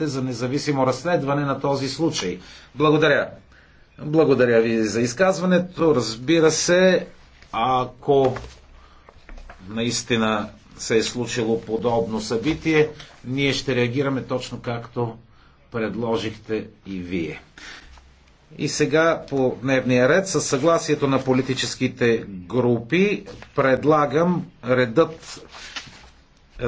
за независимо разследване на този случай. Благодаря. Благодаря ви за изказването. Разбира се, ако наистина се е случило подобно събитие, ние ще реагираме точно както предложихте и вие. И сега по дневния ред, със съгласието на политическите групи, предлагам редът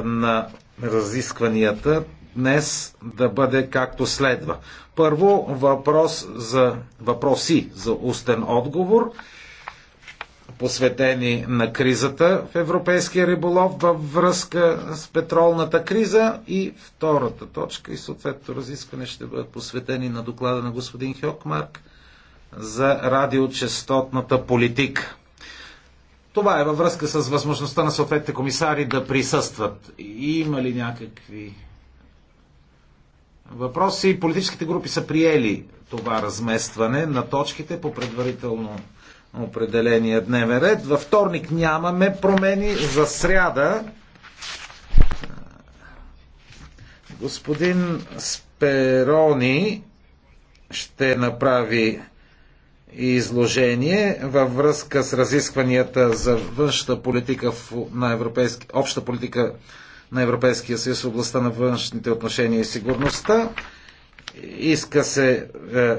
на разискванията днес да бъде както следва. Първо въпрос за, въпроси за устен отговор, посветени на кризата в европейския риболов във връзка с петролната криза и втората точка и съответно разискване ще бъдат посветени на доклада на господин Хьокмарк за радиочастотната политика. Това е във връзка с възможността на съответните комисари да присъстват. Има ли някакви въпроси. Политическите групи са приели това разместване на точките по предварително определения дневен ред. Във вторник нямаме промени. За сряда господин Сперони ще направи изложение във връзка с разискванията за външната политика на европейски, обща политика на Европейския съюз в областта на външните отношения и сигурността. Иска се е, е,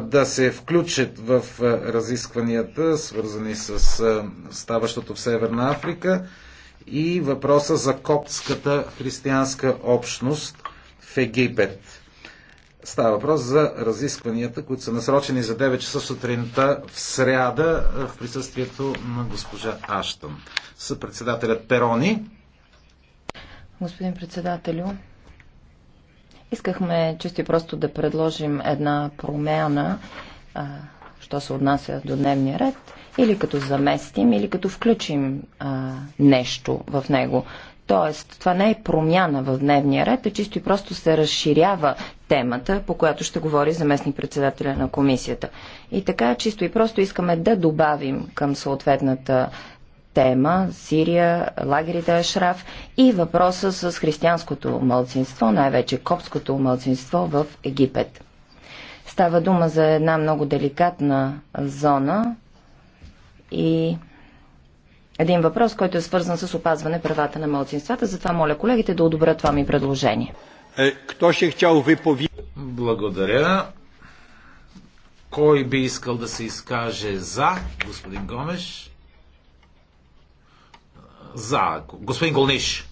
да се включат в е, разискванията, свързани с ставащото в Северна Африка и въпроса за коптската християнска общност в Египет. Става въпрос за разискванията, които са насрочени за 9 часа сутринта в сряда в присъствието на госпожа Аштън. Съпредседателят Перони Господин председателю, искахме чисто и просто да предложим една промяна, а, що се отнася до дневния ред, или като заместим, или като включим а, нещо в него. Тоест, това не е промяна в дневния ред, а чисто и просто се разширява темата, по която ще говори заместник председателя на комисията. И така, чисто и просто искаме да добавим към съответната тема Сирия, лагерите Ашраф и въпроса с християнското мълцинство, най-вече копското мълцинство в Египет. Става дума за една много деликатна зона и един въпрос, който е свързан с опазване правата на мълцинствата. Затова моля колегите да одобрят това ми предложение. Е, кто ще хотел випови... Благодаря. Кой би искал да се изкаже за господин Гомеш? за. Господин Голниш.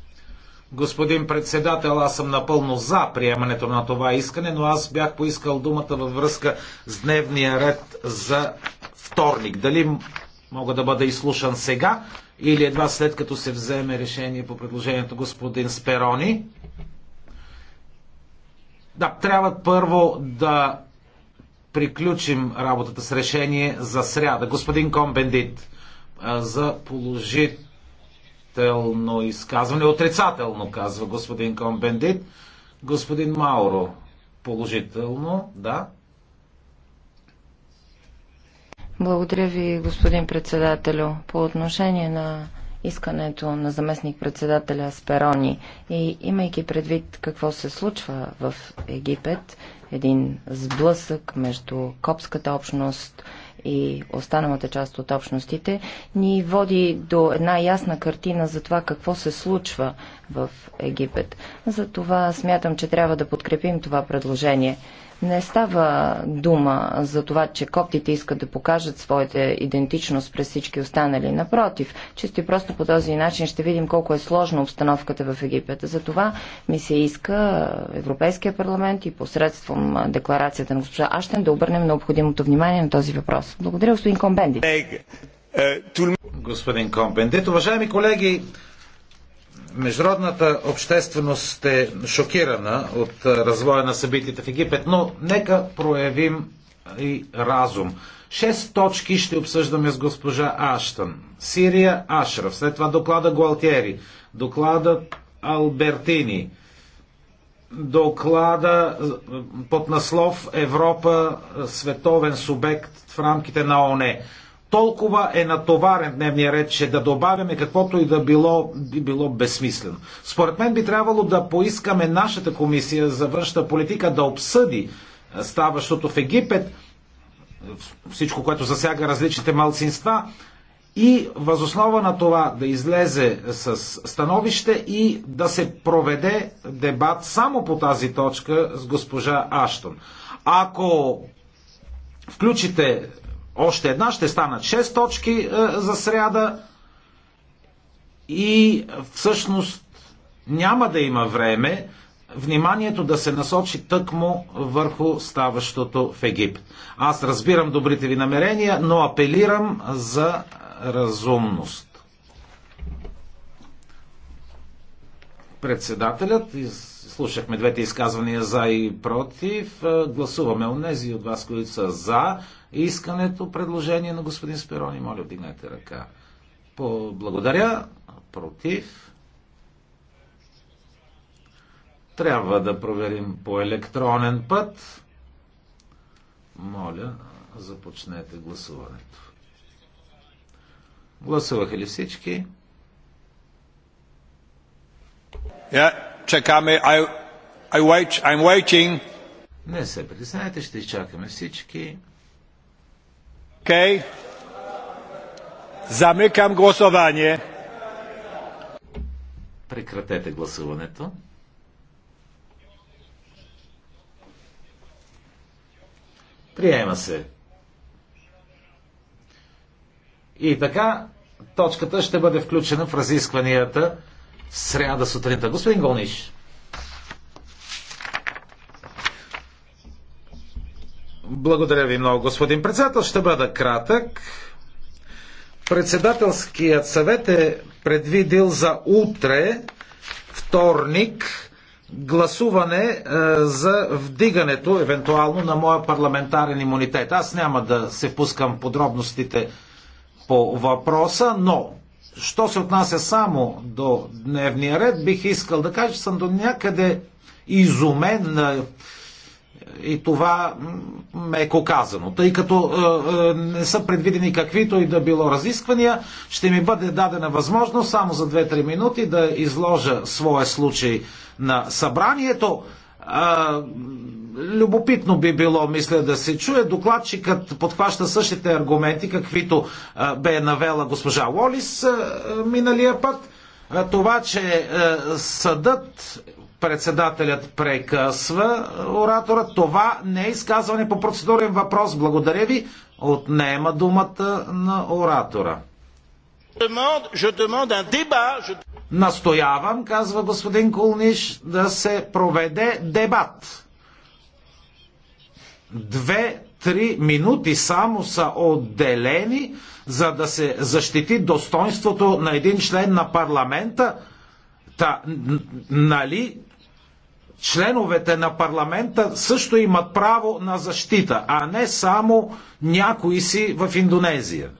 Господин председател, аз съм напълно за приемането на това искане, но аз бях поискал думата във връзка с дневния ред за вторник. Дали мога да бъда изслушан сега или едва след като се вземе решение по предложението господин Сперони? Да, трябва първо да приключим работата с решение за сряда. Господин Комбендит, за положително отрицателно изказване. Отрицателно, казва господин Комбендит. Господин Мауро, положително, да. Благодаря ви, господин председателю. По отношение на искането на заместник-председателя Сперони и имайки предвид какво се случва в Египет, един сблъсък между копската общност, и останалата част от общностите, ни води до една ясна картина за това какво се случва в Египет. Затова смятам, че трябва да подкрепим това предложение. Не става дума за това, че коптите искат да покажат своята идентичност през всички останали. Напротив, чисто и просто по този начин ще видим колко е сложна обстановката в Египет. Затова ми се иска Европейския парламент и посредством декларацията на госпожа Аштен да обърнем необходимото внимание на този въпрос. Благодаря, господин Комбендит. Е, е, господин Комбендит, уважаеми колеги, Международната общественост е шокирана от развоя на събитията в Египет, но нека проявим и разум. Шест точки ще обсъждаме с госпожа Аштън. Сирия Ашраф, след това доклада Гуалтери, доклада Албертини, доклада под наслов Европа световен субект в рамките на ОНЕ толкова е натоварен дневния ред, че да добавяме каквото и да било, би било безсмислено. Според мен би трябвало да поискаме нашата комисия за външна политика да обсъди е, ставащото в Египет, всичко, което засяга различните малцинства, и възоснова на това да излезе с становище и да се проведе дебат само по тази точка с госпожа Аштон. Ако включите още една ще станат 6 точки е, за сряда и всъщност няма да има време вниманието да се насочи тъкмо върху ставащото в Египет. Аз разбирам добрите ви намерения, но апелирам за разумност. Председателят, слушахме двете изказвания за и против, е, гласуваме нези от вас, които са за, искането, предложение на господин Сперони. Моля, вдигнете ръка. благодаря. Против. Трябва да проверим по електронен път. Моля, започнете гласуването. Гласуваха ли всички? Yeah, чекаме. I, wait, I'm waiting. Не се притеснете, ще изчакаме всички. Замикам гласование. Прекратете гласуването. Приема се. И така, точката ще бъде включена в разискванията в сряда сутринта. Господин Гониш. Благодаря ви много, господин председател. Ще бъда кратък. Председателският съвет е предвидил за утре, вторник, гласуване е, за вдигането, евентуално, на моя парламентарен имунитет. Аз няма да се впускам подробностите по въпроса, но що се отнася само до дневния ред, бих искал да кажа, че съм до някъде изумен е, и това меко казано. Тъй като е, е, не са предвидени каквито и да било разисквания, ще ми бъде дадена възможност само за 2-3 минути да изложа своя случай на събранието. Е, любопитно би било, мисля, да се чуе. Докладчикът подхваща същите аргументи, каквито е, бе навела госпожа Лолис е, миналия път. Това, че е, съдът Председателят прекъсва оратора. Това не е изказване по процедурен въпрос. Благодаря ви. Отнема думата на оратора. Настоявам, казва господин Кулниш, да се проведе дебат. Две, три минути само са отделени, за да се защити достоинството на един член на парламента. Та, нали членовете на парламента също имат право на защита, а не само някои си в Индонезия.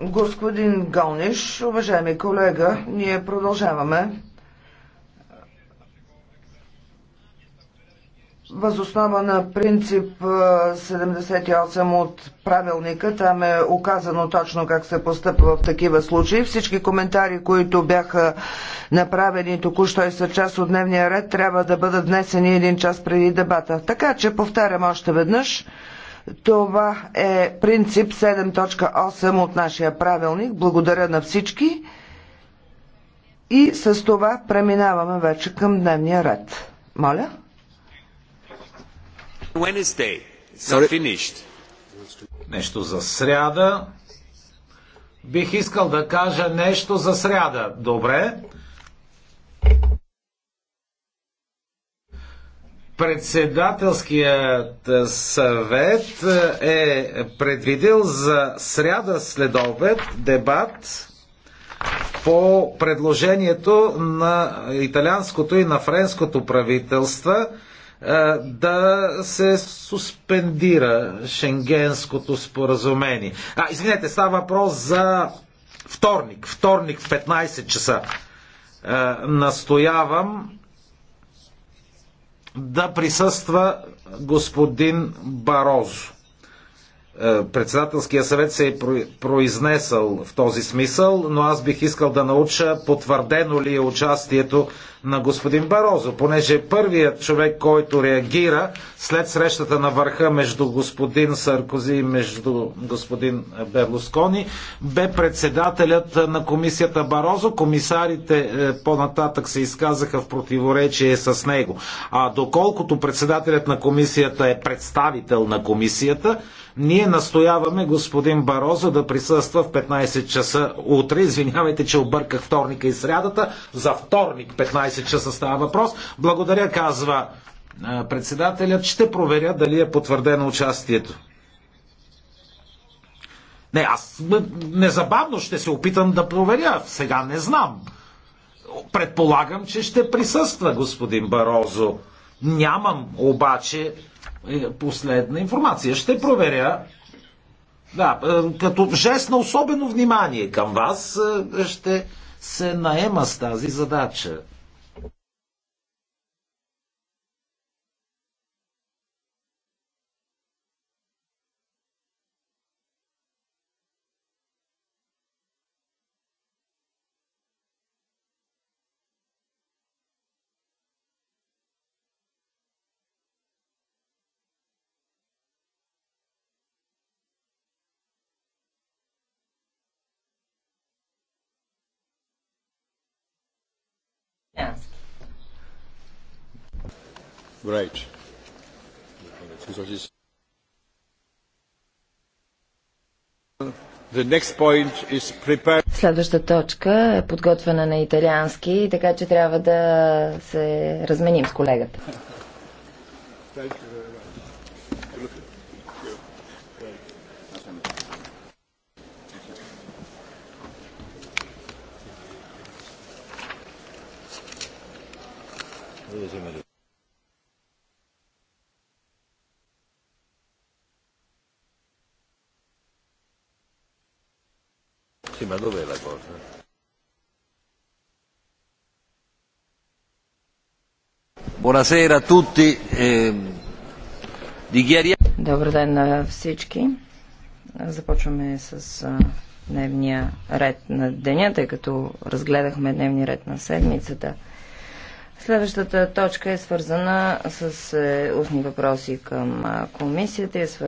Господин Голниш, уважаеми колега, ние продължаваме Възоснова на принцип 78 от правилника, там е оказано точно как се постъпва в такива случаи. Всички коментари, които бяха направени току-що и са част от дневния ред, трябва да бъдат внесени един час преди дебата. Така че повтарям още веднъж. Това е принцип 7.8 от нашия правилник. Благодаря на всички. И с това преминаваме вече към дневния ред. Моля. Нещо за сряда. Бих искал да кажа нещо за сряда. Добре. Председателският съвет е предвидил за сряда след обед дебат по предложението на италианското и на френското правителство. Е, да се суспендира Шенгенското споразумение. А, извинете, става въпрос за вторник. Вторник в 15 часа. Е, настоявам да присъства господин Барозо. Е, председателския съвет се е произнесъл в този смисъл, но аз бих искал да науча потвърдено ли е участието на господин Барозо, понеже първият човек, който реагира след срещата на върха между господин Саркози и между господин Берлускони, бе председателят на комисията Барозо. Комисарите е, по-нататък се изказаха в противоречие с него. А доколкото председателят на комисията е представител на комисията, ние ние настояваме господин Барозо да присъства в 15 часа утре. Извинявайте, че обърках вторника и срядата. За вторник 15 часа става въпрос. Благодаря, казва председателят. Ще проверя дали е потвърдено участието. Не, аз незабавно ще се опитам да проверя. Сега не знам. Предполагам, че ще присъства господин Барозо. Нямам обаче е, последна информация. Ще проверя. Да, е, като жест на особено внимание към вас е, ще се наема с тази задача. Great. Следваща точка е подготвена на италиански, така че трябва да се разменим с колегата. Продължим ли? sì ma dov'è la cosa? Buonasera a tutti. Ehm, Добър ден на всички. Започваме с дневния ред на деня, тъй като разгледахме дневния ред на седмицата. Следващата точка е свързана с е, устни въпроси към комисията и е свързана